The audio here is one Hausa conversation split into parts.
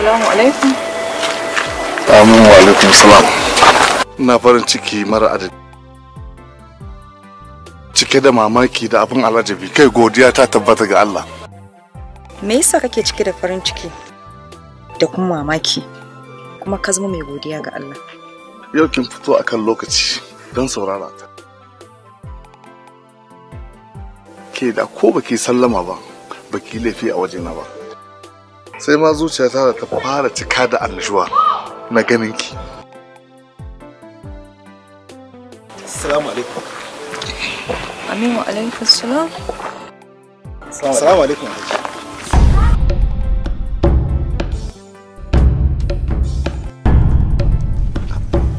Assalamu alaikum. Assalamu wa alaikum salam. na farin ciki mara adadi. Cike da mamaki da abin alajabi kai godiya ta tabbata ga Allah. Me yasa kake cike da farin ciki da kuma mamaki kuma ka zama mai godiya ga Allah? Yau kin fito akan lokaci don saurara ta. Ke da ko baki sallama ba, baki laifi a wajena ba. sai ma zuciya ta fara cika da annashuwa na ganin ki Assalamu alaikum. Aminu alaikum salam. Assalamu alaikum.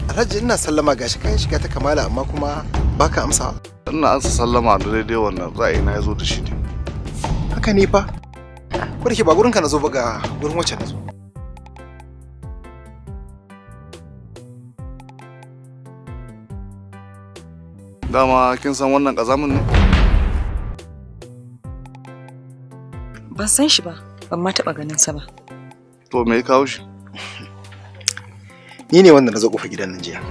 Alhaji ina sallama gashi kayan shiga ta kamala amma kuma baka amsa. Ina ansa sallama da daidai wannan ra'ayi na ya zo da shi ne. Haka ne fa. ko ke ba gurinka na zo ba ga gurin wacce na zo dama kin san wannan kazamin ne ban san shi ba ban ma taɓa ganin sa ba to me ya kawo shi ni ne wanda na zo kofa gidan nan jiya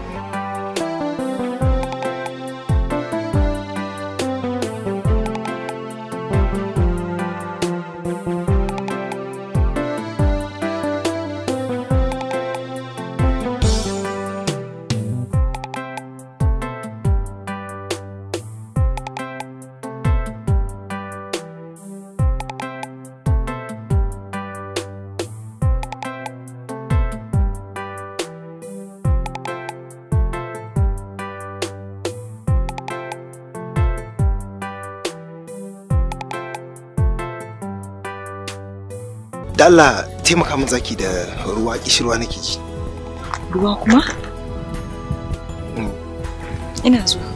dalla Allah taimaka min zaki da ruwa kishirwa nake ji ruwa kuma mm. ina zuwa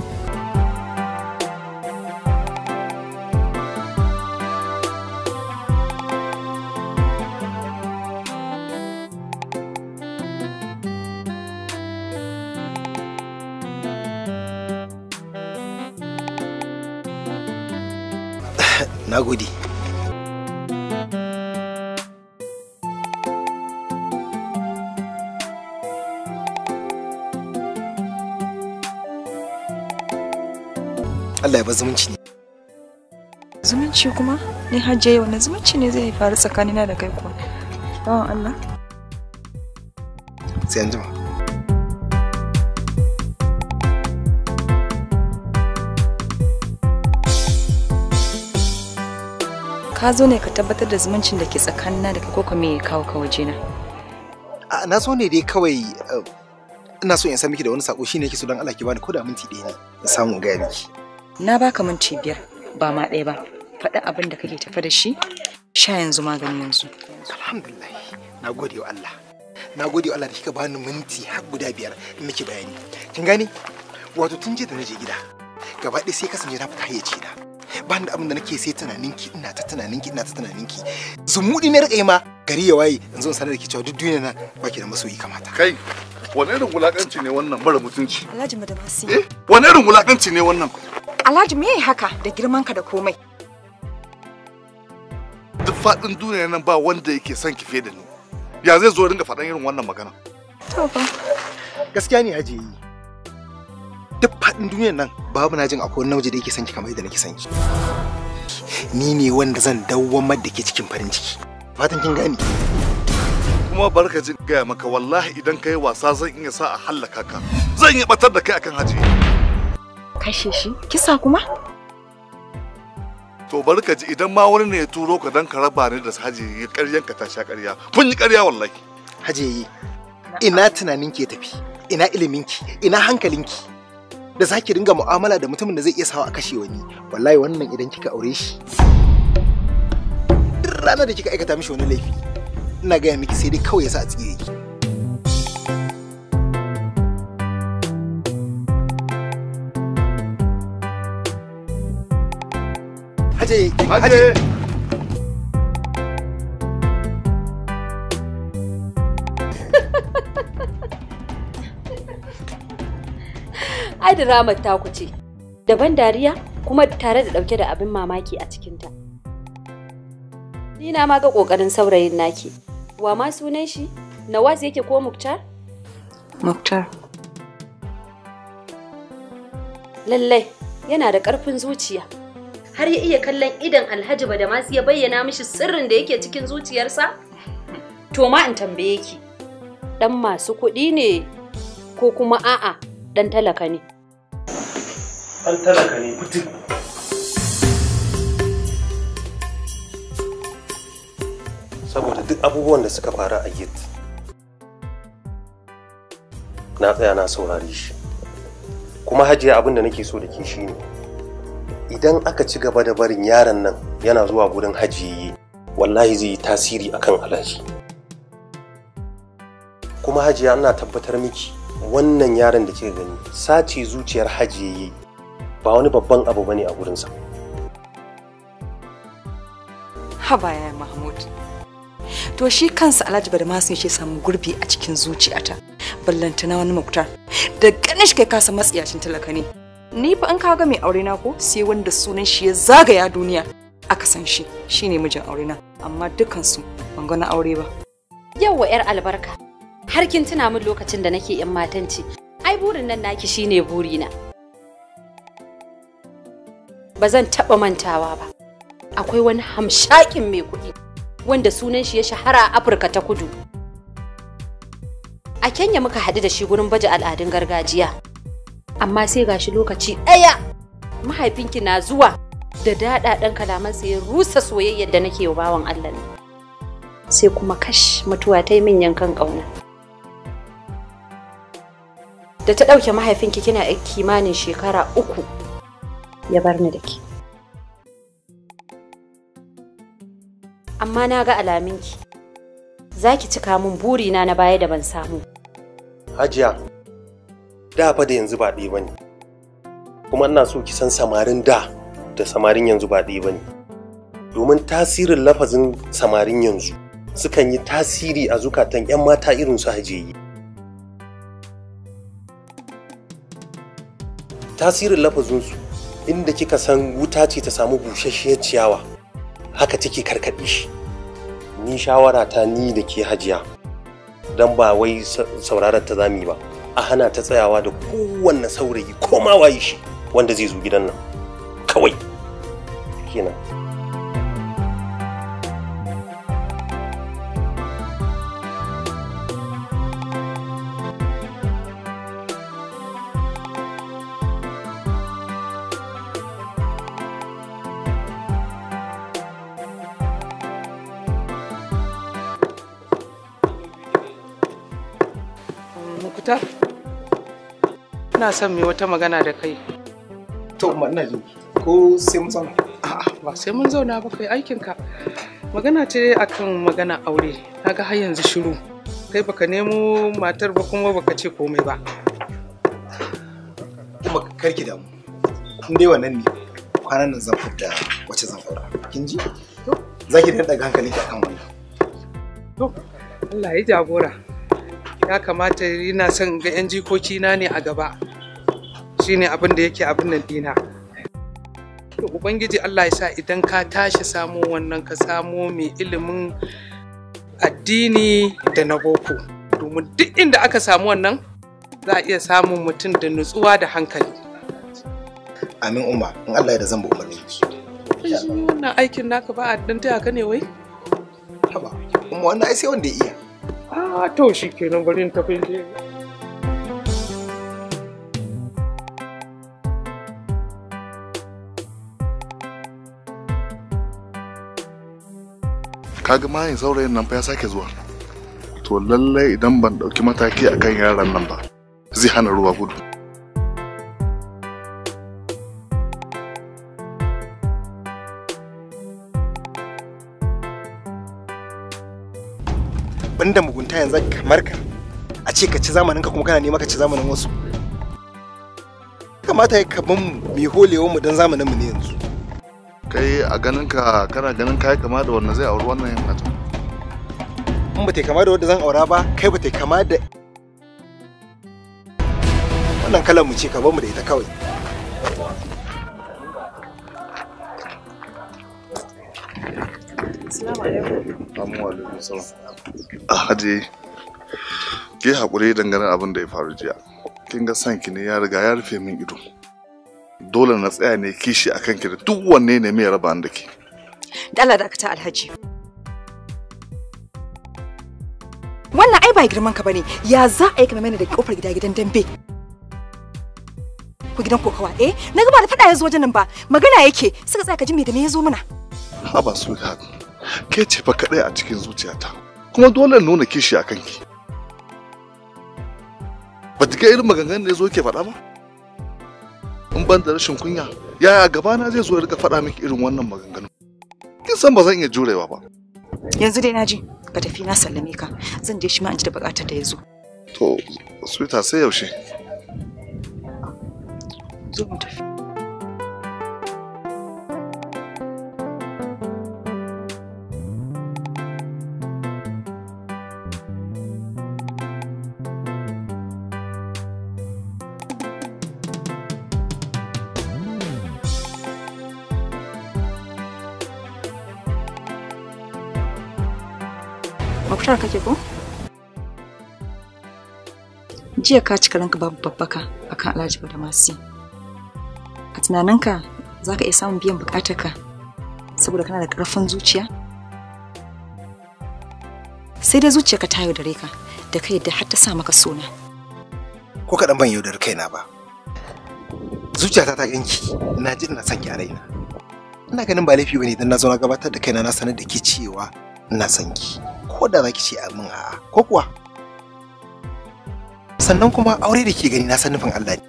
shi kuma ni hajje yau na zumunci ne zai faru tsakanina da kai kuwa bawan Allah sai an jima ka zo ne ka tabbatar da zumuncin da ke tsakanina da kai ko me kawo ka waje na na zo ne dai kawai eh, ina so in san miki da wani sako shine yake so dan Allah ki bani ko da minti ɗaya ne samu ga miki na baka minti biyar ba ma ɗaya ba faɗi abin da kake tafi da shi sha yanzu magani yanzu alhamdulillah na gode wa Allah na gode wa Allah da kika bani minti har guda biyar in miki bayani kin gani wato tun je da naje gida gaba ɗaya sai kasance na fita hayyaci da. ba da abin da nake sai ki, ina ta ki, ina ta ki. tunaninki zumuɗi ne riƙe ma gari ya waye yanzu in sanar da ki cewa duk duniya na baki da masoyi kamata kai wani irin wulakanci ne wannan mara mutunci alhaji madamasi eh, wani irin wulakanci ne wannan alhaji me haka da girman ka da komai faɗin duniya nan ba wanda yake son ki fiye da ni ya zai zo ringa faɗan irin wannan magana to fa gaskiya ne aje yi duk faɗin duniya nan babu na jin akwai namiji da yake son ki kamar yadda nake son ki ni ne wanda zan dawwamar da ke cikin farin ciki fatan kin gane kuma barka ji gaya maka wallahi idan kai wasa zan iya sa a hallaka ka zan iya batar da kai akan haji kashe shi kisa kuma to bari ka ji idan ma wani ne ya turo ka dan ka raba ni da haji ya ƙaryan ka ta sha ƙarya kun yi ƙarya wallahi yayi, ina tunanin ke tafi ina iliminki ina hankalinki da zaki dinga mu'amala da mutumin da zai iya sawa a kashe wani wallahi wannan idan kika aure shi duk ranar da kika aikata mishi wani laifi ina gaya miki sai dai kawai ya sa a tsire 하지, 하지. ai da ramar ce daban dariya kuma tare da ɗauke da abin mamaki a cikinta ni na ma ga ƙoƙarin saurayin naki wa ma sunan shi nawaz yake ko muktar muktar lallai yana da ƙarfin zuciya har ya iya kallon idan alhaji badamasi ya bayyana mishi sirrin da yake cikin zuciyarsa to ma in tambaye ki dan masu kuɗi ne ko kuma a'a dan talaka ne dan talaka ne fitin saboda duk abubuwan da suka faru a git na tsaya na saurare shi kuma hajiya abin da nake so da ke shine ne idan aka ci gaba da barin yaron nan yana zuwa gurin hajiyi wallahi zai yi tasiri akan alhaji kuma hajiya ana tabbatar miki wannan yaron da kika gani sace zuciyar hajiyi ba wani babban abu bane a gurinsa habaya mahmud to shi kansa alhaji bada ma sun shi samu gurbi a cikin zuciyata ballantana wani muktar da ganin shi kai kasa matsiyacin talaka ne ni fa in kaga mai aurena na ko sai wanda sunan shi ya zagaya duniya aka san shi shine mijin aure amma dukansu ban ga na aure ba yawwa yar albarka har kin tuna min lokacin da nake yan matanci ai burin nan naki shine burina ba zan taɓa mantawa ba akwai wani hamshakin mai kuɗi wanda sunan shi ya shahara a afirka ta kudu a kenya muka haɗu da shi gurin baje al'adun gargajiya amma sai gashi lokaci ɗaya mahaifinki na zuwa da daɗaɗen kalaman ya rusa soyayyar da nake wa bawan Allah ne sai kuma kash mutuwa ta yi min yankan ƙauna da ta ɗauke mahaifinki kina kimanin shekara uku ya bar ni da ke amma na ga alaminki za ki cika min burina na baya da ban samu hajiya da fa da yanzu ba ɗaya bane kuma ina so ki san samarin da da samarin yanzu ba ɗaya bane domin tasirin lafazin samarin yanzu sukan yi tasiri a zukatan 'yan mata irin su hajiyi tasirin lafazin su inda kika san wuta ce ta samu busasshiyar ciyawa haka take karkaɗe shi ni shawara ta ni da ke hajiya don ba wai sauraron ta zami ba a hana ta tsayawa da kowanne saurayi ko ma wayi shi wanda zai zo gidan nan kawai kenan ina son mai wata magana da kai. To, ina ji ko sai mun zauna? A'a, ba sai mun zauna ba kai aikinka. Magana ce akan magana aure, na ga har yanzu shiru. Kai baka nemo matar ba kuma baka ce komai ba. Kuma karki damu, in dai wannan ne kwanan nan zan fita wace zan fara. Kin ji? Za ki daɗa hankali akan wannan. To, Allah ya jagora. ya kamata ina son ga 'yan jikokina ne a gaba shine abin da yake abin nan dina ubangiji Allah ya sa idan ka tashi samo wannan ka samo mai ilimin addini da na boko domin duk inda aka samu wannan za a iya samun mutum da nutsuwa da hankali amin umma in Allah ya da zan ba umarni shi wannan aikin naka ba a dan taya ka ne wai haba kuma wannan ai sai wanda ya iya a ah, to shikenan bari in tafi kaga yin saurayin nan fa ya sake zuwa to lallai idan ban ɗauki mataki akan yaran nan ba zai hana ruwa gudu banda mugunta yanzu kamar ka a ce ka ci zamanin ka kuma kana nema ka ci zamanin wasu kamata ya kaban mu mai holewa mu don zamanin mu ne yanzu kai a ganin ka kana ganin kai kama da wannan zai auri wannan mata in ba ta kama da wanda zan aura ba kai ba ta kama da wannan kalan mu ce ka mu da ita kawai Assalamu alaikum. Assalamu Ke haƙuri dangane abin da ya faru jiya. Kin ga sanki ne ya riga ya rufe min ido. dole na tsaya ne kishi a kanki da duk wanne ne mai raba da ke. Allah da alhaji. Wannan ai ba girman ka bane ya za a yi kama mana da kofar gida gidan dambe. Ku gidan kokawa eh na ba da fada ya zo wajen nan ba magana yake suka tsaya ka ji me da me ya zo mana. Ha ba su K'a ke ce fa kadai a cikin zuciyata kuma dole nuna kishi a kanki. Ba ta ga irin maganganun da ya zo ke faɗa ba? in ban da rashin kunya yaya gabana zai zo ya rika faɗa miki irin wannan maganganu kin san ba zan iya jurewa ba yanzu dai naji ka tafi na sallame ka zan je shi ma in ji da bukatar da ya zo to sweetheart sai yaushe zo mu tafi Kar kake ko? Jiya ka cika ranka babu babbaka akan Alhaji Badamasi. A tunaninka za ka iya samun biyan bukatarka saboda kana da ƙarfin zuciya? Sai dai zuciyarka ta yaudare ka da ka yadda har ta sa maka suna. Ko kaɗan ban yaudar kaina ba. Zuciyata ta ganki, na ji ina son ki a Ina ganin ba laifi bane idan na zo na gabatar da kaina na sanar da ke cewa ina son ki. ko da zaki ce amin a'a ko kuwa sannan kuma aure da ke gani na san nufin Allah ne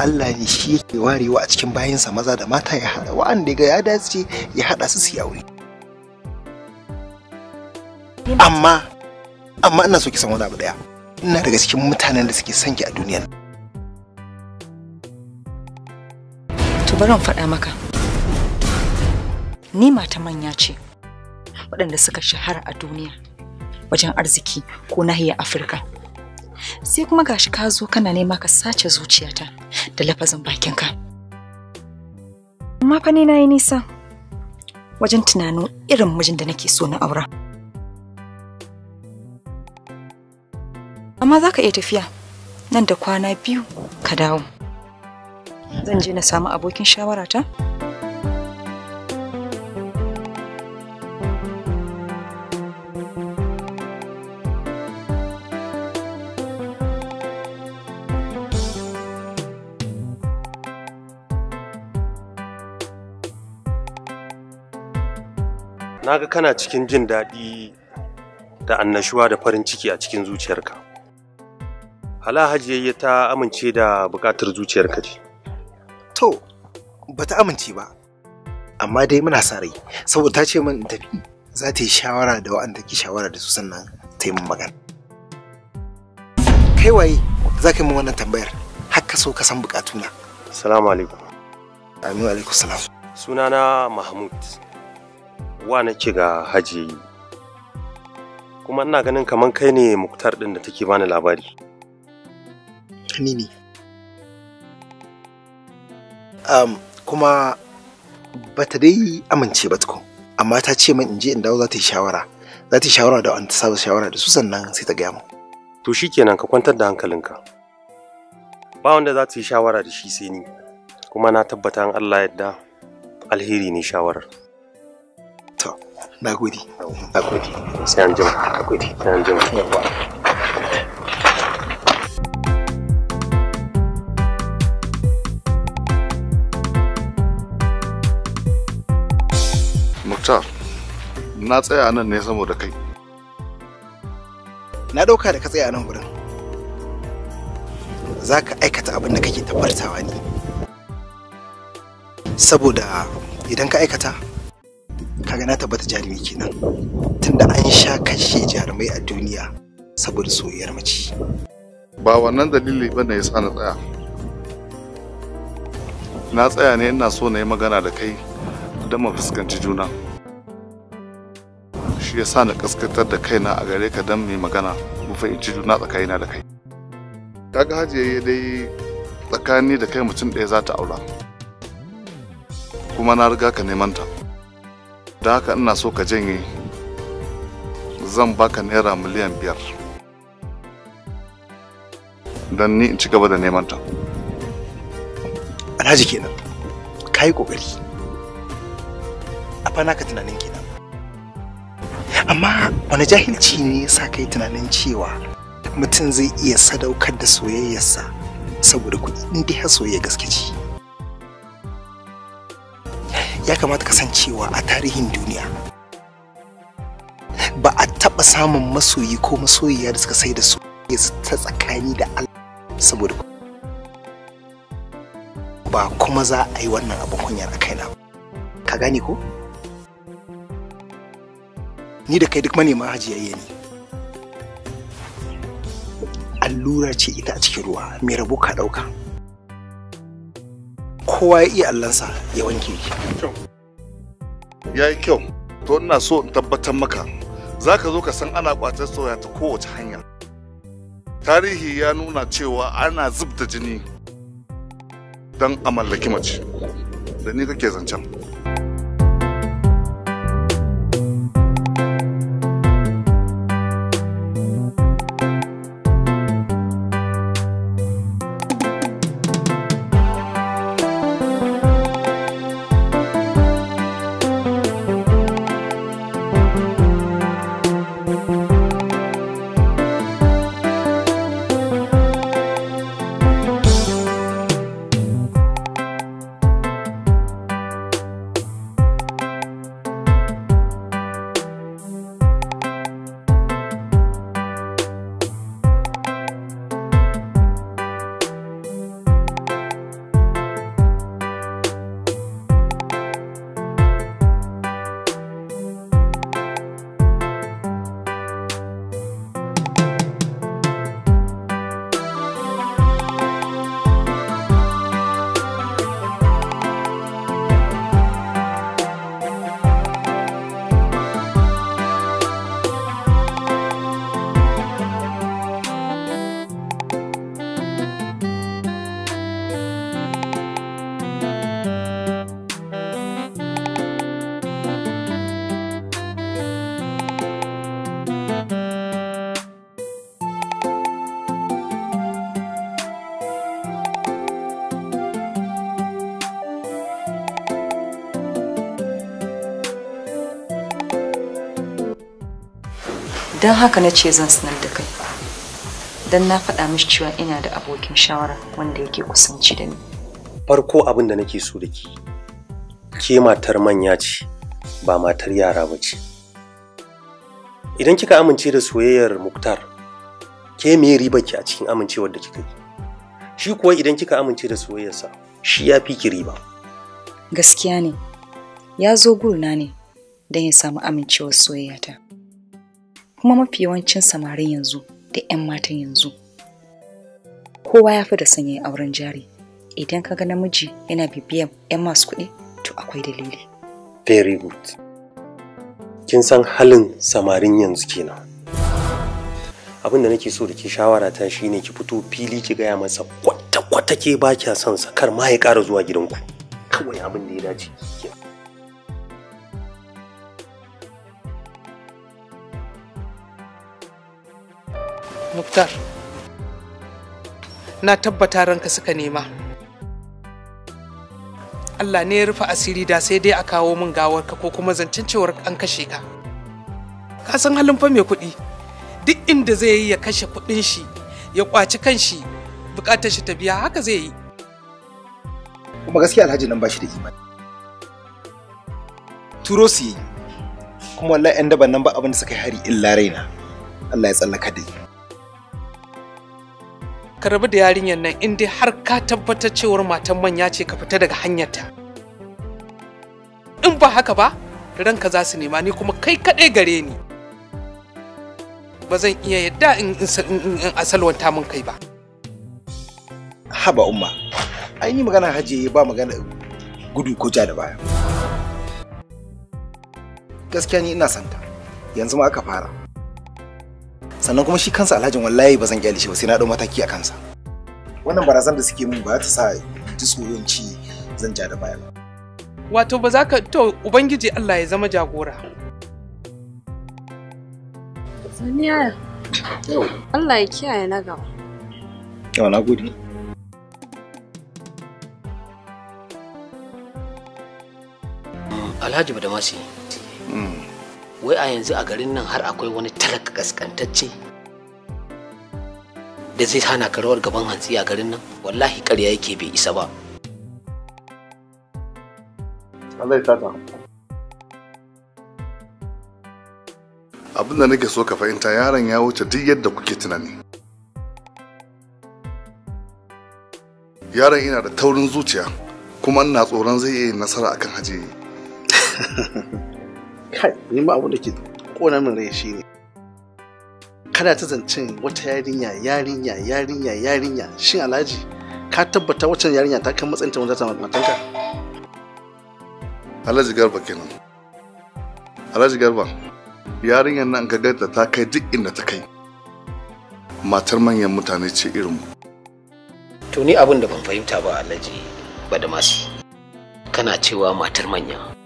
Allah ne shi yake warewa a cikin bayansa maza da mata ya hada, wa'anda ga ya dace ya haɗa su su yi aure amma amma ina so ki san wani abu daya ina daga cikin mutanen da suke son a duniyar to bari faɗa maka ni mata manya ce waɗanda suka shahara a duniya wajen arziki ko nahiyar afirka sai kuma gashi ka zo kana nema ka sace zuciyata da lafazin bakinka amma fa ni na yi nisa wajen tunanin irin mijin da nake so na aura amma za ka iya tafiya nan da kwana biyu ka dawo zan je na samu abokin shawarata? na ga kana cikin jin daɗi da annashuwa da farin ciki a cikin zuciyarka hala hajiyayya ta amince da buƙatar zuciyarka ce to ba ta amince ba amma dai muna sa rai saboda ta ce min tafi za ta yi shawara da wa'anda ke shawara da su sannan ta yi magana kai waye za ka yi wannan tambayar har ka so ka san buƙatuna salamu alaikum aminu alaikum salam sunana mahmud wa na ga Haji? kuma ina ganin kamar kai ne muktar ɗin da take bani labari ni ne um, kuma ba ta dai amince ba tukun amma ta ce min in je in dawo za ta yi shawara za ta yi shawara da wanda ta saba shawara da su sannan sai ta gaya mu to shikenan ka kwantar da hankalinka ba wanda za ta yi shawara da shi sai ni kuma na tabbata an Allah yadda alheri ne shawarar na gode a gode sai an jima na gode sai an jima Muktar, na tsaya nan ne saboda kai. Na ɗauka da ka tsaya nan wurin. Za ka aikata abin da kake tabbatawa ne. Saboda idan ka aikata kaga na tabbata jarumi kenan tunda an sha kashe jarumai a duniya saboda soyayyar mace ba wannan dalili ne ya sa na tsaya na tsaya ne ina so na yi magana da kai don mu fuskanci juna shi ya na kaskatar da kaina a gare ka don mai magana mu fahimci juna tsakanina da kai kaga hajiya dai tsakani da kai mutum ɗaya za ta aura kuma na riga ka neman ta da haka ina so ka janye zan baka naira miliyan biyar don ni in ci gaba da neman ta alhaji kenan ka yi ƙoƙari a fana ka tunanin kenan amma wani jahilci ne ya sa yi tunanin cewa mutum zai iya sadaukar da soyayyarsa saboda kuɗi in ya soyayya gaske ce ya kamata kasancewa a tarihin duniya ba a taɓa samun masoyi ko masoyiya da suka sai da su ta tsakani da Allah saboda ba kuma za a yi wannan abin kunyar a kaina ka gane ko ni da kai duk manema hajiyayye ne allura ce ita a cikin ruwa mai rabu ka ɗauka kowa ya iya allansa ya wanke ki ya yi kyau to ina so in tabbatar maka za ka zo ka san ana kwatar soya ta kowace hanya tarihi ya nuna cewa ana zub jini don a mallaki mace da ni kake zancen don haka na ce zan sanar da kai don na faɗa mishi cewa ina da abokin shawara wanda yake kusanci da ni farko abin da nake so da ki ke matar manya ce ba matar yara ba ce idan kika amince da soyayyar muktar ke me riba ki a cikin amincewar da kika yi shi kuwa idan kika amince da soyayyarsa shi ya fi ki riba gaskiya ne ya zo gurna ne don ya samu amincewar soyayyata kuma mafi yawancin samarin yanzu da 'yan matan yanzu kowa ya fi da sanya auren jari idan ka ga namiji yana bibiyan 'yan masu kuɗi to akwai dalili very good kin san halin samarin yanzu kenan abin da nake so da ke shawara ta shine ki fito fili ki gaya masa kwata-kwata ke ba kya son sa kar ma ya ƙara zuwa gidanku kawai abin da ya dace muktar na tabbata ranka suka nema allah ne ya rufe asiri da sai dai a kawo min gawarka ko kuma zancen cewar an kashe ka ka san halin fa mai kuɗi duk inda zai yi ya kashe kuɗin shi ya kwaci shi, bukatar shi ta biya haka zai yi kuma gaskiya alhaji nan bashi da imani turo su yi kuma wallahi 'yan daban nan ba abin da suka yi hari illa raina allah ya tsallaka da yi ka rabu da yarinyar nan in dai har ka tabbatar cewar matan manya ce ka fita daga hanyarta in ba haka ba ranka za su nema ni kuma kai kaɗai gare ni ba zan iya yadda in asalwanta min kai ba haba umma ai ni magana hajiye ba magana gudu ko ja da baya gaskiya ni ina santa yanzu ma aka fara sannan kuma shi kansa alhajin wallahi ba zan kyale shi ba sai na dau mataki a kansa wannan barazan da suke min ba ta sa ji tsoron ci zan ja da baya ba wato ba za ka to ubangiji Allah ya zama jagora Saniya Allah ya kiyaye na gaba yawa na gode Alhaji Badamasi. Mm. wai a yanzu a garin nan har akwai wani talaka kaskantacce da zai hana ka rawar gaban hantsi a garin nan wallahi karya yake bai isa ba abinda nake so ka fahimta yaron ya wuce duk yadda kuke tunani yaron ina da taurin zuciya kuma ina tsoron zai iya nasara akan hajji. kai ni ba abin da ke kona min rai shine kada ta zancen wata yarinya yarinya yarinya yarinya shin alhaji ka tabbata wacce yarinya ta kan matsayin ta wanda ta matanka alhaji garba kenan alhaji garba yarinyar nan ka ganta ta kai duk inda ta kai matar manyan mutane ce irin mu to ni abin da ban fahimta ba alhaji masu kana cewa matar manya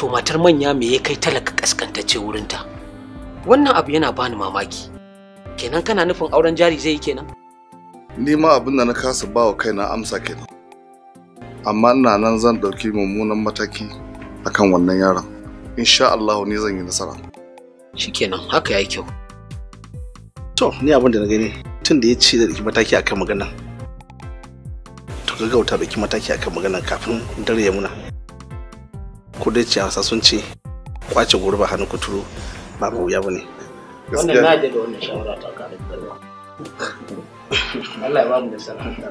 to matar manya me ya kai talaka kaskantacce wurinta wannan abu yana bani mamaki kenan kana nufin auren jari zai yi kenan ni ma abin da na kasa ba wa kaina amsa kenan amma ina nan zan ɗauki mummunan mataki akan wannan yaron insha Allah ne zan yi nasara shikenan haka yayi kyau to ni abin da na gani tun da ya ce da ɗauki mataki akan magana to da ɗauki mataki akan magana kafin dare ya muna a hausa sun ce kwace gurba hannu kuturu ba mu wuya bane wannan na da shawara ta Allah ya ba mu da sana'a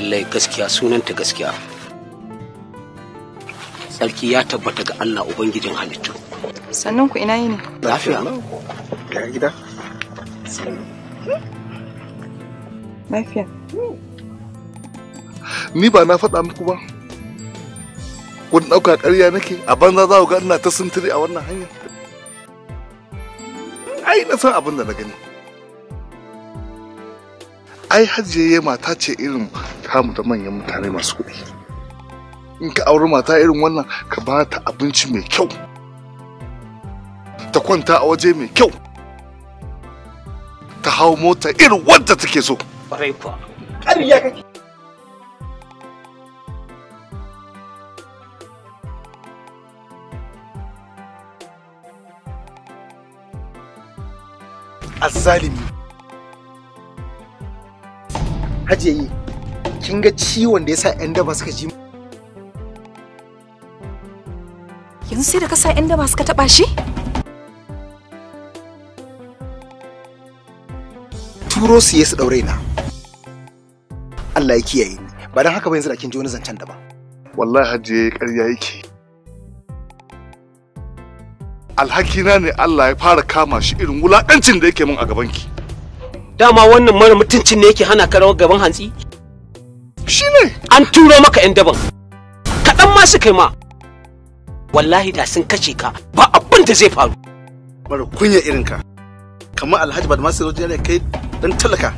lallai gaskiya sunanta gaskiya tsarki ya tabbata ga Allah Ubangijin halittu. Sannan ku ina ne? Lafiya. gida. Lafiya. Ni ba na faɗa muku ba. Kun ɗauka ƙarya nake a banza za ku ga ina ta sintiri a wannan hanyar. Ai na san abin da na gani. Ai hajjiyayye mata ce irin kamu da manyan mutane masu kuɗi. in ka auri mata irin wannan ka ba ta abinci mai kyau ta kwanta a waje mai kyau ta hau mota irin wadda take so azalimi hajiyayi kin ga ciwon da yasa 'yan daba suka ji yanzu sai da ka sa inda ba suka taba shi turo su yi su daure na Allah ya kiyaye ni ba dan haka ba yanzu da kin ji wani zancen daban wallahi hajiye ƙarya yake alhakina ne Allah ya fara kama shi irin wulaƙancin da yake min a gabanki dama wannan mara mutuncin ne yake hana ka gaban hantsi ne? an turo maka yan daban kaɗan ma su kai ma wallahi da sun kace ka ba abin da zai faru mara kunya irin ka kamar alhaji Bad masu rojiya ne kai dan talaka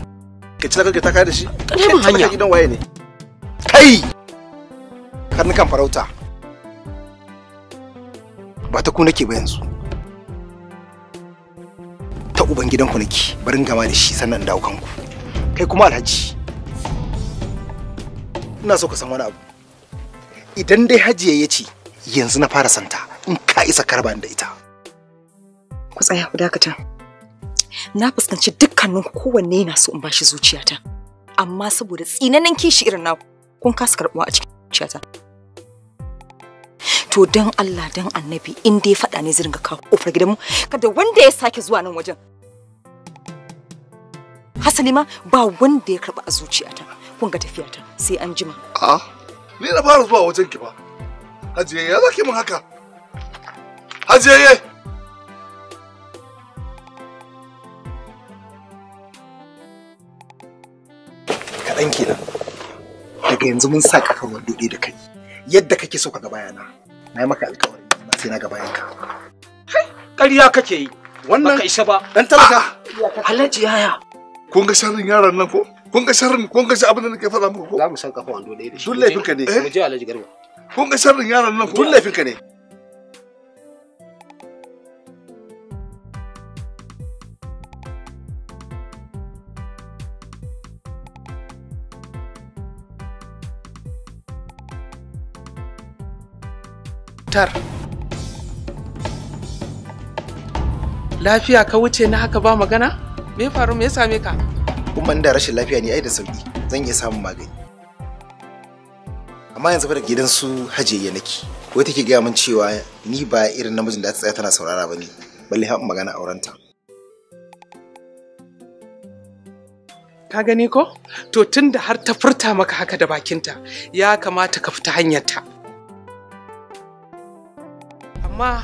ka talaka ka ta kai da shi kai talaka gidan waye ne kai karnukan farauta ba ta ku nake ba yanzu ta uban gidanku nake barin gama da shi sannan dawo kanku kai kuma alhaji ina so ka san wani abu idan dai hajiya ya ce yanzu na fara santa in ka isa karban da ita ku tsaya ku dakata na fuskanci dukkanin kowanne yana so in bashi zuciyata amma saboda tsinanin kishi irin na kun kasa karbuwa a cikin zuciyata to dan Allah dan annabi in dai faɗa ne zirin ga kawo kofar gidanmu kada wanda ya sake zuwa nan wajen hasali ma ba wanda ya karba a zuciyata kun ga tafiyata sai an jima a'a ni na fara zuwa wajen ki ba Hajiye ya zaki mun haka? Hajiye! Kaɗan kenan. Daga yanzu mun sa kafar wandoɗe da kai. Yadda kake so ka ga bayana. Na yi maka alƙawari sai na ga bayanka. Ƙarya kake yi. Wannan baka isa ba. Dan talaka. Alhaji yaya. Kun ga sharrin yaran nan ko? Kun ga sharrin kun ga abin da nake faɗa muku ko? Za mu san kafa wando da shi. ne. Eh? Mu je Alhaji Garba. kun ga sharrin yaran nan tun laifinka ne tar lafiya ka wuce na haka ba magana me faru me ya same ka kuma da rashin lafiya ne ai da sauki zan iya samun magani amma yanzu fa da gidan su hajiya nake wai take gaya min cewa ni ba irin namijin da ta tsaya tana saurara ba ne balle ha magana aurenta ka gani ko to tunda har ta furta maka haka da bakinta ya kamata ka fita hanyarta amma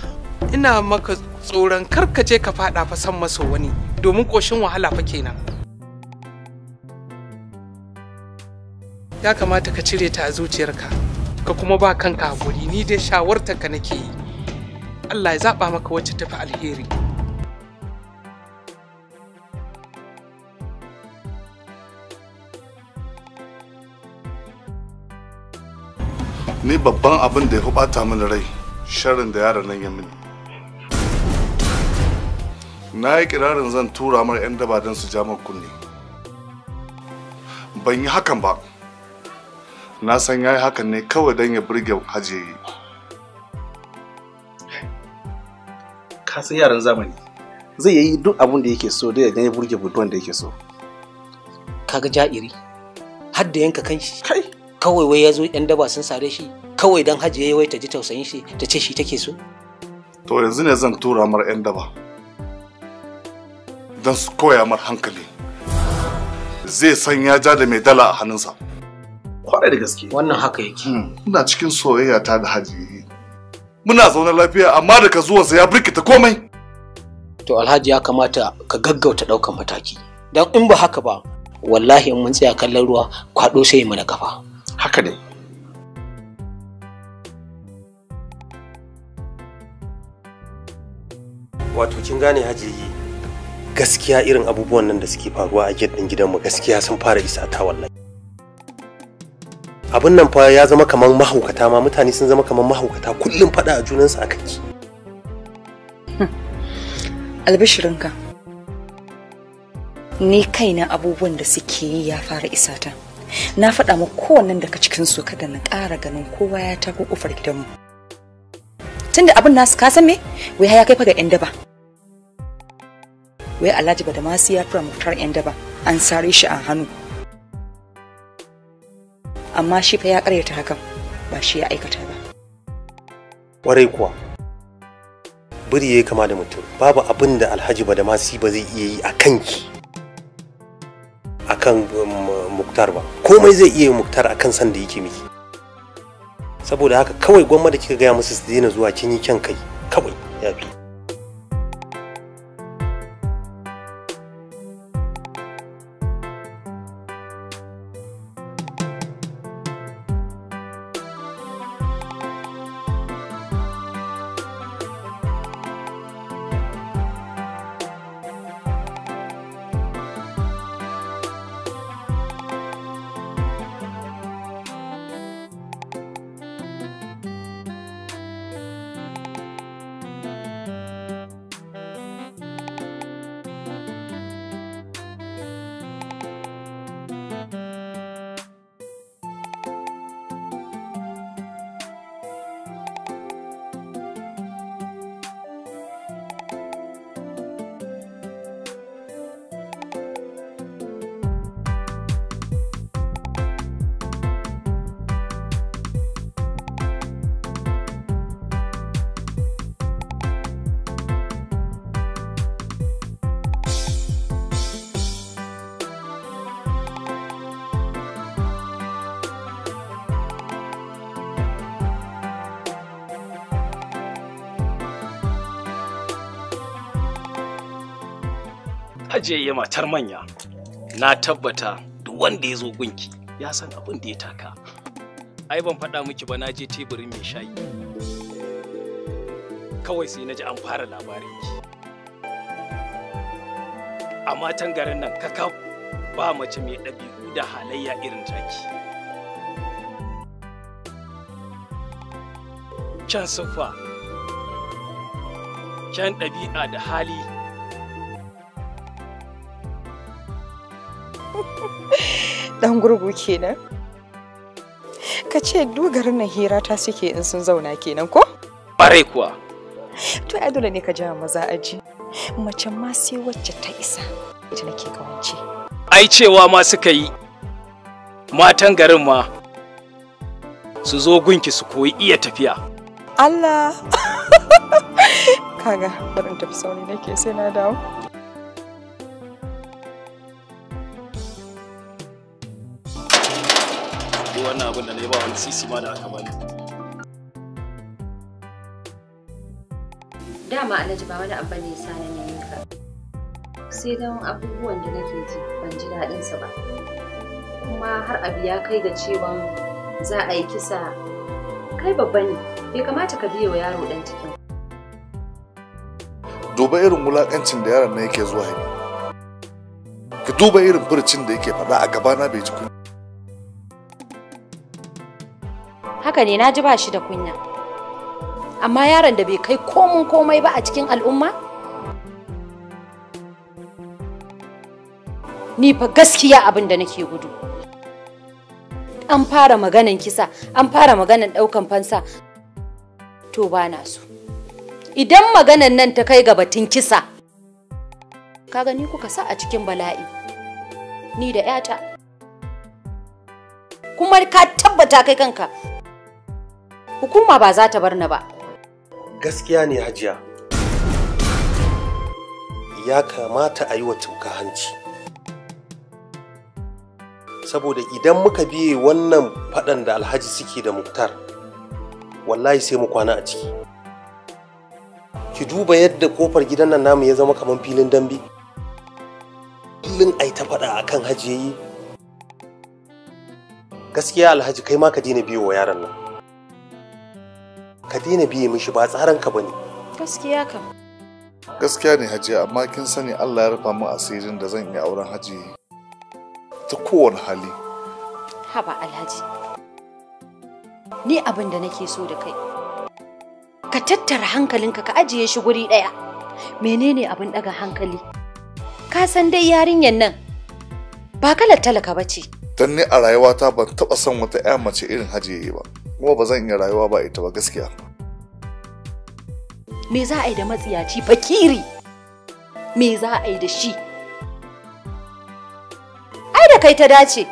ina maka tsoron karkace ka fada fa san maso wani domin koshin wahala fa kenan ya kamata ka cire ta a zuciyarka ka kuma ba kanka hakuri ni dai ka nake yi Allah ya zaba maka wacce tafi alheri ni babban abin da ya fi bata mini rai sharrin da yaron nan ya mini na yi kirarin zan tura mara 'yan daba don su ja kunne ban yi hakan ba na san ya yi hakan ne kawai don ya burge hajiyayi san yaran zamani zai yi duk abin da yake so da ya ganye burge buduwan da yake so kaga ja'iri har da yanka kanshi kai kawai wai ya zo yan daba sun sare shi kawai don hajiye wai ta ji tausayin shi ta ce shi take so to yanzu ne zan tura mar yan daba don su koya mar hankali zai san ya ja da mai dala a hannunsa kwarai da gaske wannan haka yake hmm. ina cikin soyayya ta da haji muna zaune lafiya amma da ka zuwansa ya birkita komai to alhaji ya kamata ka gaggauta daukan mataki dan in ba haka ba wallahi in mun tsaya kallon ruwa kwado sai mu na kafa haka ne wato kin gane hajiyi gaskiya irin abubuwan nan da suke faruwa a gidan gidanmu gaskiya sun fara isa ta wallahi abin nan fa ya zama kamar mahaukata ma mutane sun zama kamar mahaukata kullum faɗa a junansu a kanki hmm. albishirinka ni kaina abubuwan da suke yi ya fara isata na faɗa ma kowannen daga cikin su kada na ƙara ganin kowa ya tafi ƙofar gidanmu tunda abin nasu ka san me wai ya kai fa ga 'yan daba wai alhaji badamasi ya fara mutar 'yan daba an sare shi a hannu amma shi fa ya karyata hakan ba shi ya aikata ba kwarai kuwa biri ya kama da mutum babu abin da alhaji ba da masi ba zai iya yi a kanki a kan um, muktar ba komai zai iya yi muktar a kan sanda yake miki saboda haka kawai gwamma da kika gaya musu su daina zuwa kin yi kyan kai kawai ya fi yi matar manya na tabbata duk wanda ya zo gunki ya san abin da ya taka ai ban faɗa miki ba na je teburin mai shayi kawai sai na ji an fara labarin ki a matan garin nan kaka ba mace mai ɗabi'u da halayya irin taki kyan siffa kyan ɗabi'a da hali Ɗan gurgu kenan ka ce dogarin nan hira ta suke in sun zauna kenan ko bare kuwa to ai dole ne ka ja maza aji mace ma sai wacce ta isa ita nake kawance ai cewa ma suka yi matan garin ma su zo gunki su koyi iya tafiya Allah kaga barin tafi sauni nake sai na dawo wannan abin da na yi ba wani sisi ma da aka bani dama alhaji ba wani abu ne sa na nemi ka sai don abubuwan da nake ji ban ji daɗinsa ba kuma har abu ya kai ga cewa za a yi kisa kai babba ne bai kamata ka biye wa yaro ɗan cikin duba irin wulaƙancin da yaron na yake zuwa yi ka duba irin furcin da yake faɗa a gabana bai ji kun haka ne naji ba shi da kunya amma yaron da bai kai komun komai ba a cikin al'umma ni fa gaskiya abin da nake gudu an fara maganan kisa an fara maganan daukan fansa to ba na so idan maganan nan ta kai ga batun kisa kaga ni kuka sa a cikin bala'i ni da 'yata kuma ka tabbata kai kanka hukuma ba za ta bar ni ba. Gaskiya ne hajiya. Ya kamata a yi wa tuka hanci. Saboda idan muka biye wannan faɗan da alhaji suke da muktar, wallahi sai mu kwana a ciki. Ki duba yadda kofar gidan nan namu ya zama kamar filin dambe. Kullum ai ta faɗa akan hajiyayi. Gaskiya alhaji kai ma ka daina biyo wa yaron nan. ka daina biye mishi ba tsaran ka bane gaskiya kam gaskiya ne hajiya amma kin sani Allah ya rufa min asirin da zan yi auren haji ta kowane hali haba alhaji ni abin da nake so da kai ka tattara hankalinka ka ajiye shi guri ɗaya menene abin daga hankali ka san dai yarinyar nan ba kalar talaka ba ce don ni a rayuwata ban taɓa son wata 'ya mace irin hajiye ba kuma ba zan iya rayuwa ba ita ba gaskiya me za a yi da matsiyaci fakiri me za a yi da shi ai da kai ta dace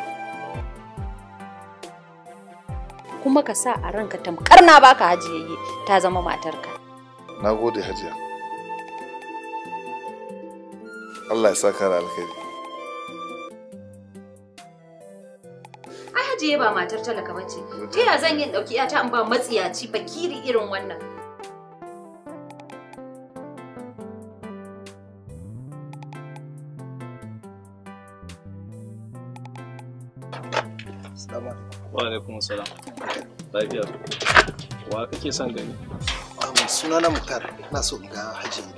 kuma ka sa a ranka tamkar na baka hajiyayye ta zama matarka na gode hajiya Allah ya saka kara alkhairi ke ba matar talaka ba ce ta ya zan yin ɗauki ta in ba matsiyaci fakiri irin wannan Wa alaikum salam. Lafiya. Wa kake son gani? Um, sunana Muktar, ina so in ga Hajiya.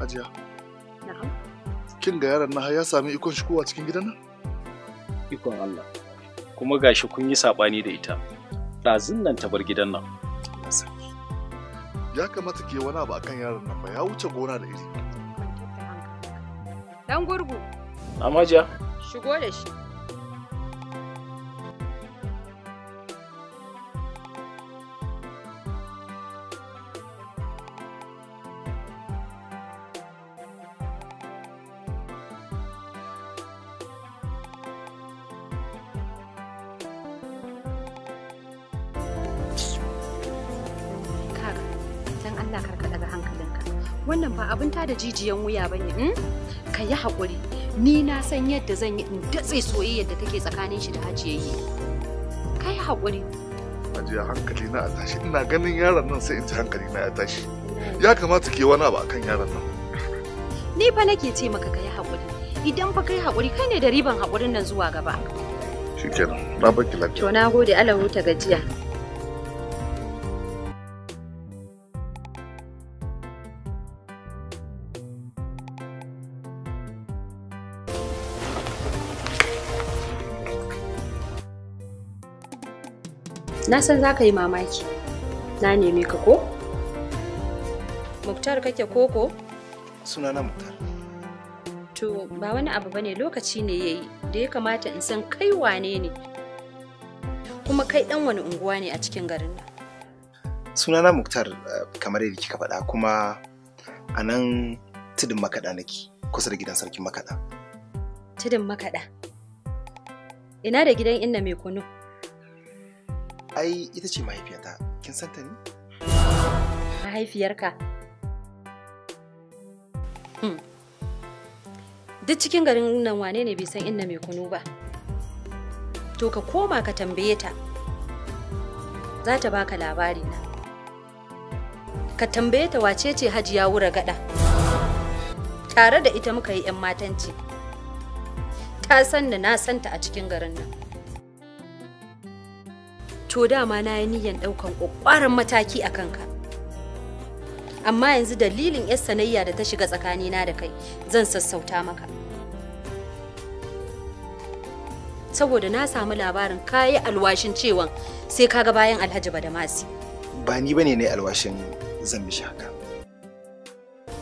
Hajiya. Na'am. Kin ga yaron na ya sami ikon shigowa cikin gidan nan? Ikon Allah. kuma gashi kun yi saɓani da ita ɗazun nan ta bar gidan nan ya kamata ke wani abu akan yaron nan ba ya wuce gona da iri dan gurgu amaja shigo da shi da jijiyan wuya ba ne hmm? ka yi haƙuri ni na san yadda zan yi in datse soyayyar da take tsakanin shi da yi ka yi haƙuri hajiya hankali na a tashi ina ganin yaron nan sai in ji hankali na ya tashi ya kamata ke wani abu akan yaron nan ni fa nake ce maka ka yi haƙuri idan fa kai haƙuri kai ne da riban haƙurin nan zuwa gaba shikenan na baki lafiya to na gode Allah huta gajiya na san za ka yi mamaki na neme ka ko muktar kake koko sunana muktar to ba wani abu bane lokaci ne ya yi da ya kamata in san kai wane ne kuma kai dan wani unguwa ne a cikin garin nan sunana muktar eh, kamar yadda kika faɗa kuma a nan tudun makaɗa nake kusa da gidan sarkin makaɗa tudun makaɗa ina da gidan inna mai kunu ai ita ce mahaifiyata kin san ta ne mahaifiyarka hmm. duk cikin garin nan wane ne bai san inna mai kunu ba to ka koma ka tambaye ta za ta baka labari na ka tambaye ta wace ce hajiya wura gada tare da ita muka yi 'yan matanci ta san da na santa a cikin garin nan to dama na yi niyyar ɗaukan ƙwaƙƙwaran mataki a kanka amma yanzu dalilin yar sanayya da ta shiga tsakanina da kai zan sassauta maka saboda na samu labarin kayi alwashin cewa sai kaga bayan alhaji badamasi ba ni bane ne alwashin zan mishi haka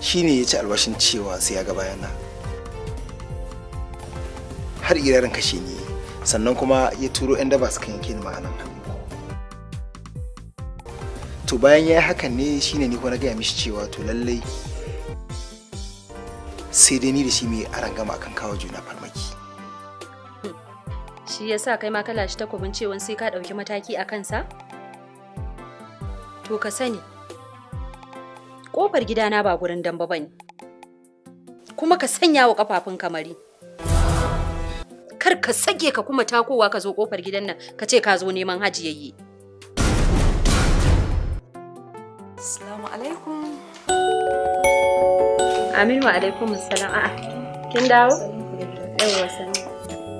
shine ya ci alwashin cewa sai ya ga na. har irarin kashe ni sannan kuma ya turo 'yan daba kan yanke ni ma'anan hannu to bayan ya yi hakan ne shine ni kuma na gaya mishi cewa to lallai sai dai ni da shi mai arangama akan kawo juna farmaki shi ya sa kai ma ka ta takobin cewan sai ka ɗauki mataki a kansa to ka sani ƙofar gidana ba gurin damba ba ne kuma ka sanya wa ƙafafun kamari kar ka sake ka kuma takowa ka zo ƙofar gidan nan ka ce ka zo neman hajiyayye Assalamu alaikum. Aminu wa alaikum assalam. A'a, kin dawo? Yawwa sani.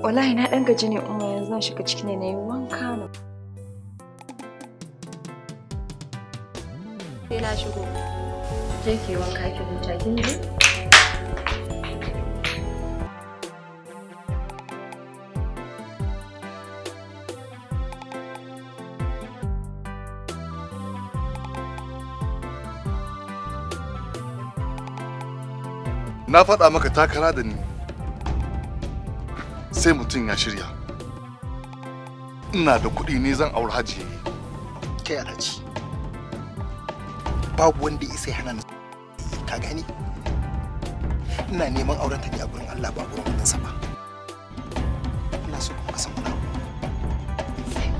Wallahi na dan gaji ne umma yanzu zan shiga cikin ne nayi wanka na. Sai shigo. Je ki wanka ki huta kin ji? na faɗa maka takara da ni sai mutum ya shirya ina da kuɗi ne zan aure haji. kai alhaji babu wanda ya sai hana ka gani ina neman auren ta ne a gurin Allah ba gurin kudinsa ba ina so kuma san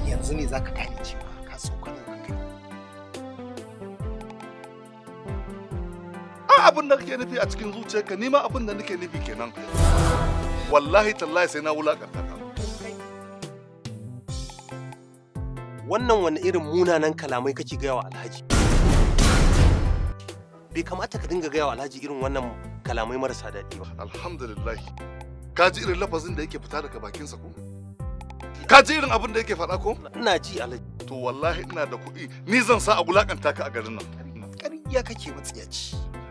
yanzu ne zaka gane cewa abin da kake nufi a cikin zuciyarka ni ma abin da nake nufi kenan wallahi tallahi sai na wulakanta ka wannan wani irin munanan kalamai kake gaya wa alhaji bai kamata ka dinga gaya wa alhaji irin wannan kalamai marasa daɗi ba alhamdulillah ka ji irin lafazin da yake fita daga bakinsa ko ka ji irin abin da yake faɗa ko ina ji alhaji to wallahi ina da kuɗi ni zan sa a wulakanta ka a garin nan ƙarya kake matsiyaci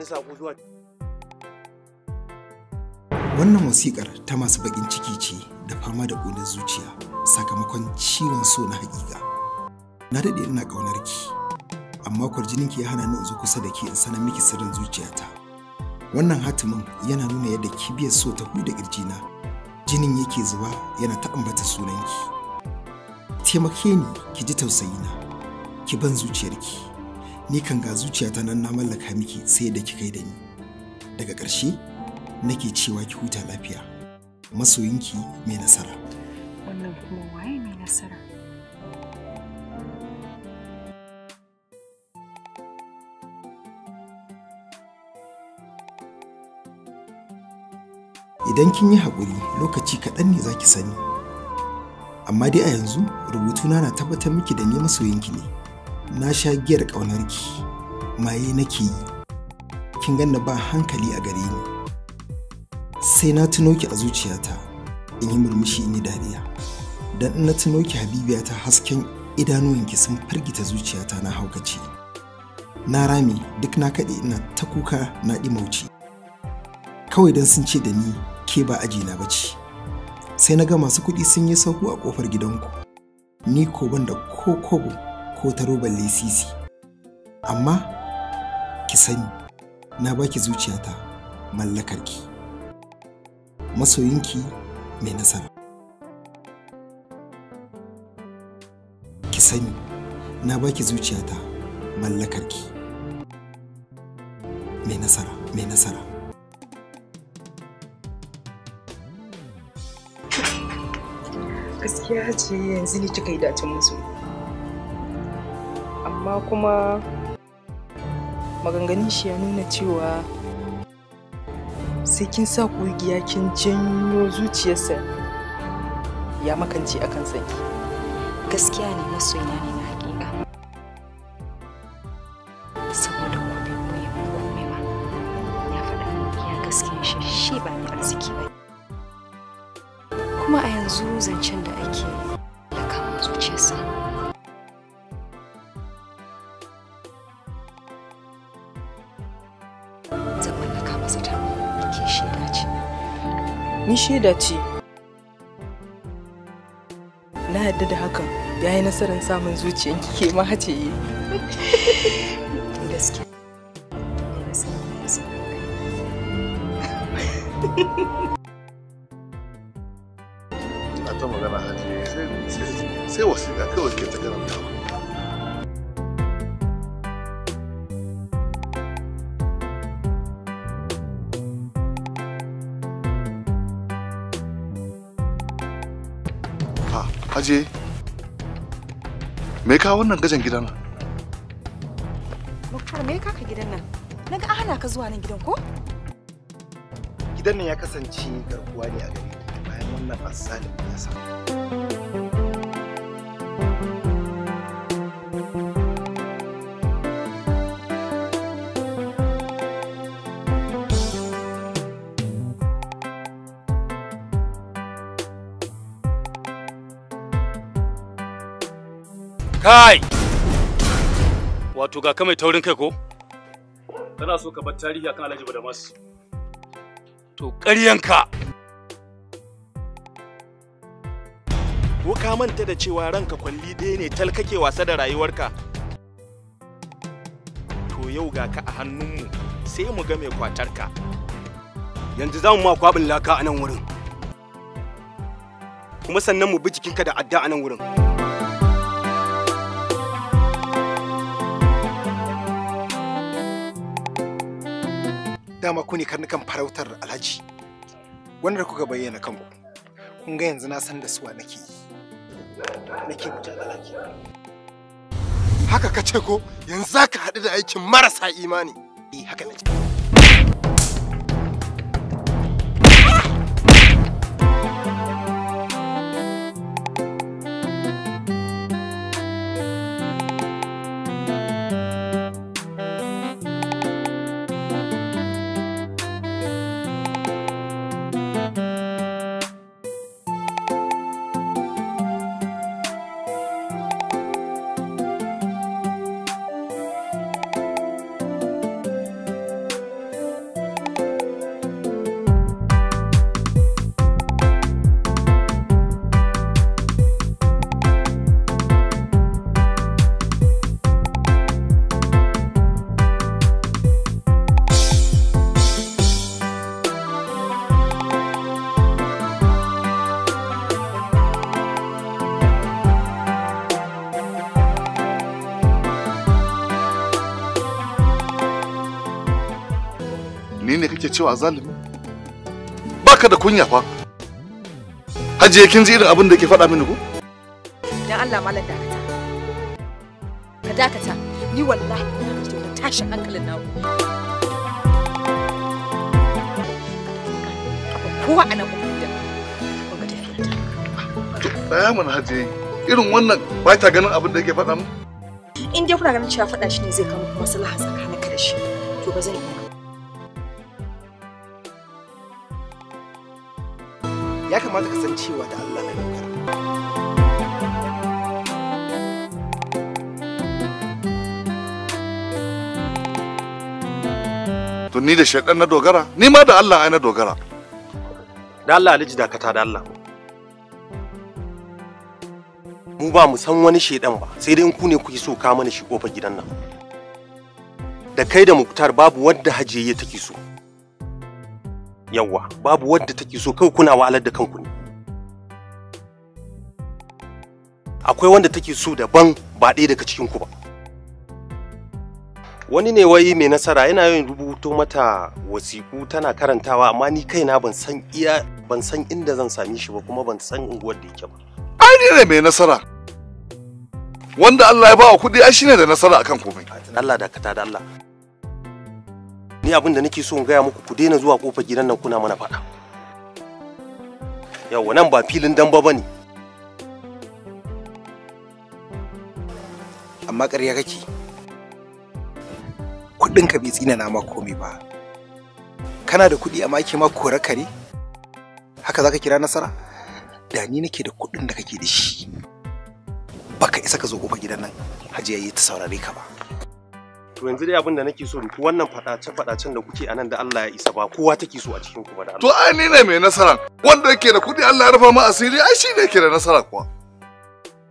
wani sako zuwa wannan wasiƙar ta masu baƙin ciki ce da fama da ƙunar zuciya sakamakon ciwon so na haƙiƙa. na daɗe ina ƙaunar ki amma kwarjinin ki ya hana ni zo kusa da ke in sanar miki sirrin zuciyata wannan hatimin yana nuna yadda kibiyar so ta huda na jinin yake zuba yana ta ambata sunanki taimake ni ki ji tausayina ki ban zuciyarki ni kan ga zuciyata nan na mallaka miki sai da kika yi da ni daga ƙarshe nake cewa ki huta lafiya masoyinki mai nasara wannan kuma waye mai nasara idan kin yi haƙuri lokaci kaɗan ne za ki sani amma dai a yanzu rubutuna na tabbatar miki da ni masoyinki ne na sha giyar ƙaunarki maye nake yi kin ganna ba hankali a gare ni sai na tuno ki a zuciyata in yi murmushi in yi dariya dan in na tuno ki habibiyata hasken idanuwanki sun firgita zuciyata na haukace na rami duk na kaɗe ina ta kuka na mauci kawai don sun ce da ni ke ba aji na baci. sai na ga masu kuɗi sun yi sauku a ƙofar gidanku ni ko ban da ko kobo ko ta roban lesisi amma ki sani na baki zuciyata mallakarki masoyinki mai nasara ki sani na baki zuciyata mallakarki mai nasara mai nasara gaskiya ce yanzu ne kika yi dacin musu amma kuma maganganun shi ya nuna cewa sai kin sa ƙugiya kin janyo zuciyarsa ya makance akan sanki gaskiya ne masoyina ne zata ke shaida ce ni shaida ce na yadda da hakan ya yi nasarar samun zuciyan ke ma hace yi gaske me ka wannan gajan gidan nan muktar me ka ka gidan nan naga ana ka zuwa nan gidan ko gidan nan ya kasance garkuwa ne a gare bayan wannan asalin ya samu Kai! Wato ga ka mai taurin kai ko? Kana so ka bar tarihi akan Alhaji Badamas. To ƙaryanka! Ko ka manta da cewa ranka kwalli ɗaya ne tal kake wasa da rayuwarka? To yau ga ka a hannunmu sai mu ga mai kwatarka. Yanzu za mu ma kwaɓin laka a nan wurin. Kuma sannan mu bi jikinka da adda a nan wurin. dama ku ne karnukan farautar alhaji wanda kuka bayyana kanku kun ga yanzu na san da suwa nake nake alhaji haka ka ce ko yanzu za ka haɗu da aikin marasa imani eh haka na cewa zalimi baka da kunya fa hajiye kin ji irin abin da ke faɗa mini ku? dan Allah malam dakata ka dakata ni wallahi ina da tashin hankalin nawo kowa a nan Daya mana hajiye irin wannan ba ta ganin abin da yake faɗa mu in dai kuna ganin cewa faɗa shi ne zai kama maslaha tsakaninka da shi to ba zan yi kamata ka san cewa da Allah na dogara to ni da shaɗan na dogara ni ma da Allah ai na dogara da Allah aliji dakata da Allah mu ba mu san wani shaidan ba sai dai ku ne kuke so ka mana shi kofar gidan nan da kai da muktar babu wanda hajiye take so yawwa babu wadda take so kawai kuna wahalar da kanku ne akwai wanda take so daban ba ɗaya daga cikin ku ba wani ne wai mai nasara yana yin rubuto mata wasiku tana karantawa amma ni kaina ban san iya ban san inda zan same shi ba kuma ban san unguwar da yake ba ai ne ne mai nasara wanda Allah ya ba wa kudi ai shine da nasara akan komai Allah da ta da Allah dai abin da nake so in gaya muku ku daina zuwa kofar gidan nan kuna mana faɗa yawa nan ba filin damba ba ne amma ƙarya kake kuɗinka bai tsinana ma komai ba kana da kuɗi amma ake ma kore kare haka zaka kira nasara da ni nake da kuɗin da kake da shi baka isa ka zo kofar gidan nan hajiya yi ta saurare ka ba to yanzu dai abin da nake so duk wannan fadace fadacen da kuke anan da Allah ya isa ba kowa take so a cikin ku ba da Allah to ai ni ne mai nasara wanda yake da kudi Allah ya rufa mu asiri ai shi ne yake da nasara kuwa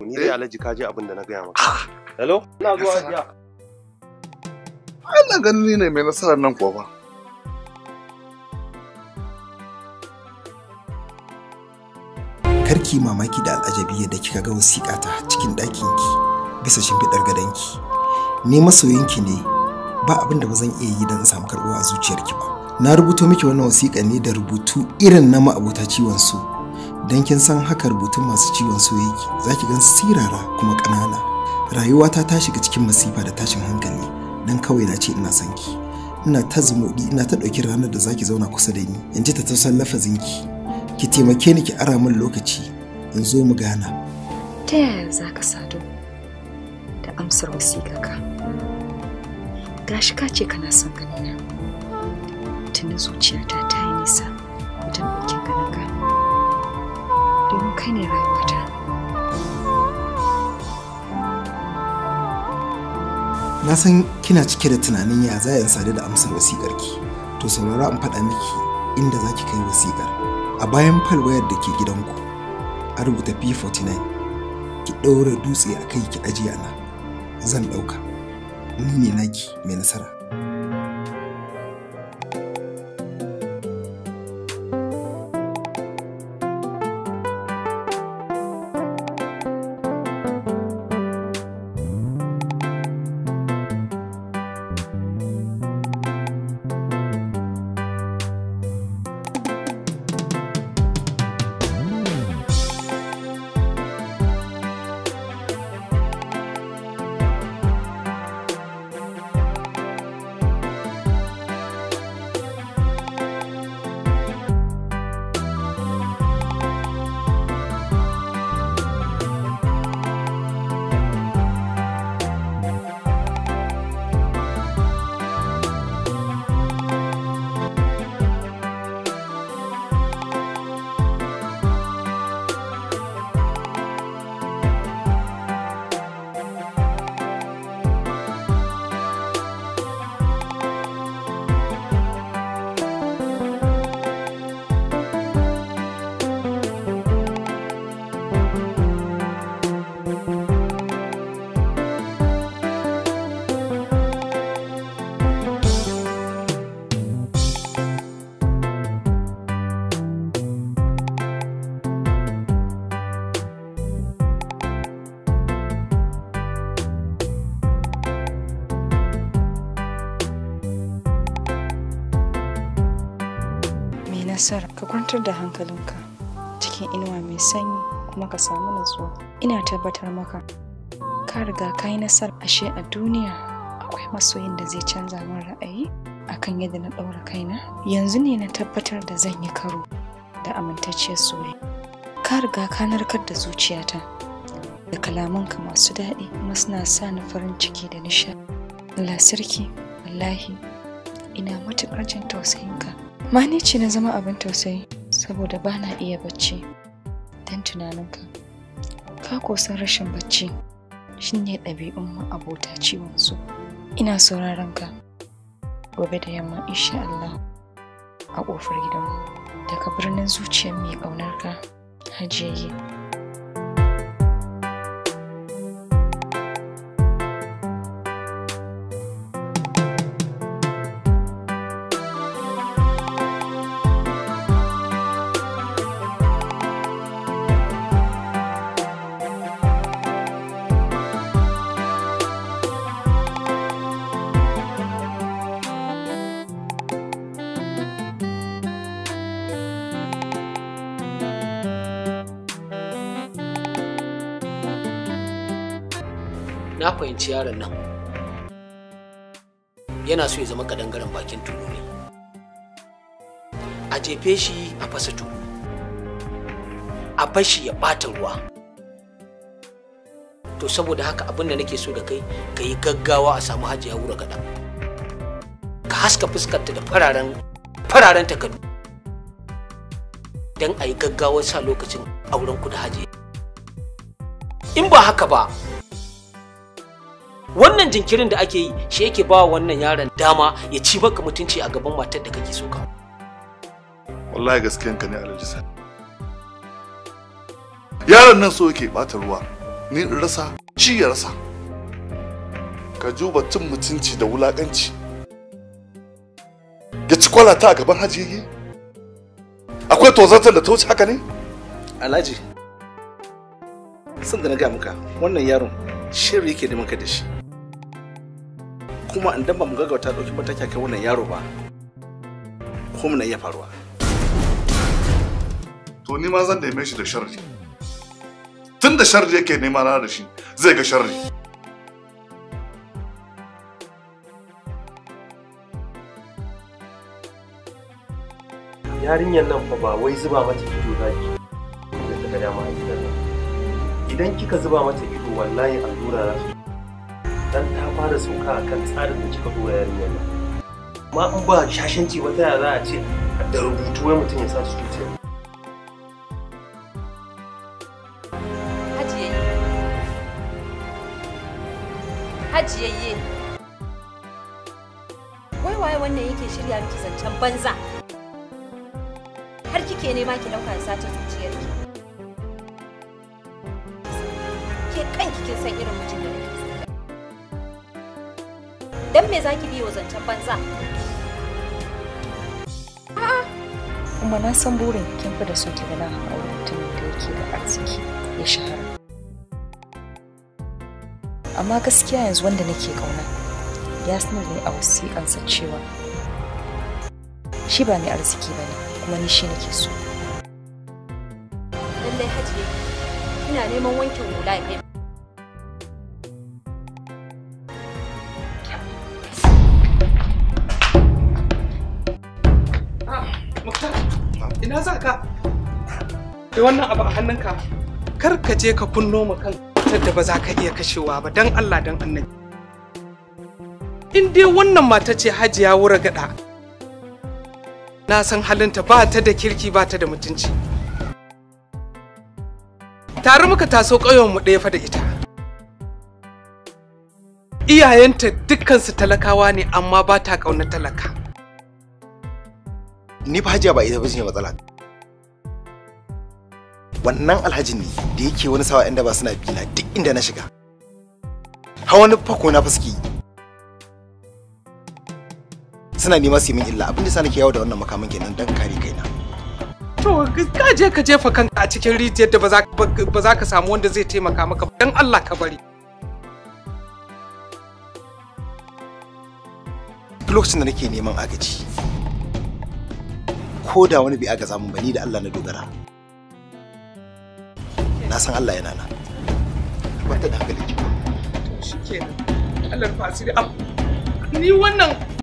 ni dai eh? alaji ka je abin da na gaya maka ah! hello ina zuwa ajiya Allah ganin ni ne mai nasara nan kuwa ba karki mamaki da al'ajabi yadda kika ga wasiƙata cikin ɗakinki bisa shimfiɗar gadonki. ni masoyinki ne ba abin da ba zan iya yi don samu karɓuwa a zuciyarki ba na rubuto miki wannan wasiƙa ne da rubutu irin na ma'abota ciwon su don kin san haka rubutun masu ciwon su yake za ki gan sirara kuma ƙanana rayuwata ta shiga cikin masifa da tashin hankali don kawai na ce ina sanki, ina ta zumuɗi ina ta ɗauki ranar da za ki zauna kusa da ni in ji ta tausan lafazinki ki taimake ni ki ara min lokaci in zo mu gana ta yaya za ka sadu da amsar wasiƙarka gashi ka ce kana son ganina tuni zuciyata ta yi nisa wajen ɗaukin ganin ka domin kai ne rayuwata na san kina cike da tunanin ya za in sadu da amsar wasiƙarki to saurara in faɗa miki inda za ki kai wasiƙar a bayan falwayar da ke gidanku a rubuta p49 ki ɗaura dutse a kai ki ajiye na zan ɗauka ni ne naki mai nasara kwantar da hankalinka cikin inuwa mai sanyi kuma ka samu nutsuwa. ina tabbatar maka ka riga ka yi nasar ashe a duniya akwai masoyin da zai canza min ra'ayi akan yadda na ɗaura kaina yanzu ne na tabbatar da zan yi karo da amintacciyar soyayya ka riga ka narkar da zuciyata da kalamanka masu daɗi kuma suna sa ni farin ciki da nishaɗi Allah sarki wallahi ina matuƙar jin tausayinka ma ce na zama abin tausayi saboda ba na iya bacci don tunaninka ka kosan rashin bacci shine ɗabi'un abota ciwon su ina sauraron ka gobe da yamma insha Allah a ƙofar gidanmu daga birnin zuciyar mai ƙaunarka hajiyayye fahimci yaron nan yana so ya zama kadangaren bakin tulu ne a jefe shi a fasa tulu a fashi ya bata ruwa to saboda haka abin da nake so da kai ka yi gaggawa a samu hajiya wura gada ka haska fuskarta da fararen fararen takardu don a yi gaggawar sa lokacin auren ku da hajiya in ba haka ba wannan jinkirin da ake yi shi yake ba wannan yaron dama ya ci baka mutunci a gaban matar da kake so ka wallahi gaskiyan ka ne alhaji sa yaron nan so yake bata ruwa ni in rasa ci ya rasa ka juba tun mutunci da wulakanci ya ci kwalata a gaban hajiyi akwai tozatar da ta wuce haka ne alhaji sun da na ga muka wannan yaron shirin yake da maka da shi kuma idan ba mu gaggauta ba mataki kai wannan yaro ba ko na iya faruwa to ni ma zan neme shi da sharri tun da sharri yake nema rana da shi zai ga sharri yarinyar nan fa ba wai zuba mata ido ki? da ta ga dama a gidan nan idan kika zuba mata ido wallahi allura za su dan ta fara sauka a kan tsarin da kika dora yarinyar nan amma in ba shashanci wata yaya za a ce da rubutu wai mutum ya sa su cutar Hajiyayye, wai waye wannan yake shirya miki zancen banza har kike nema ki ɗauka sata zuciyarki. me biyo zancen banza kuma na san burin kin fi da so ki gana a wurin mutumin da yake da arziki ya shahara amma gaskiya yanzu wanda nake kauna ya sanar ne a wasiƙansa cewa shi ba mai arziki ba ne kuma ni shi nake so lallai hajiya ina neman wankin hula ya kai da wannan abu a hannunka kar ka je ka kunno mu kan da ba za ka iya kashewa ba dan Allah dan annabi in dai wannan mata ce hajiya wura gada na san halinta ba ta da kirki ba ta da mutunci tare muka taso ƙauyenmu ɗaya fa da ita iyayenta dukkansu talakawa ne amma ba ta ƙaunar talaka ni ba hajiya ba ita ba matsala wannan alhaji ne da yake wani sawa yan daba suna bina duk inda na shiga hawan fako na fuski suna nema su min illa abin da sa nake yawo da wannan makamin kenan dan kare kaina to ka je ka jefa kanka a cikin rijiyar da ba za ka samu wanda zai taimaka maka dan Allah ka bari lokacin da nake neman agaji ko da wani bai aga zamu ba ni da Allah na dogara na san Allah yana nan Wata da hankali ki shikenan Allah fasiri ni wannan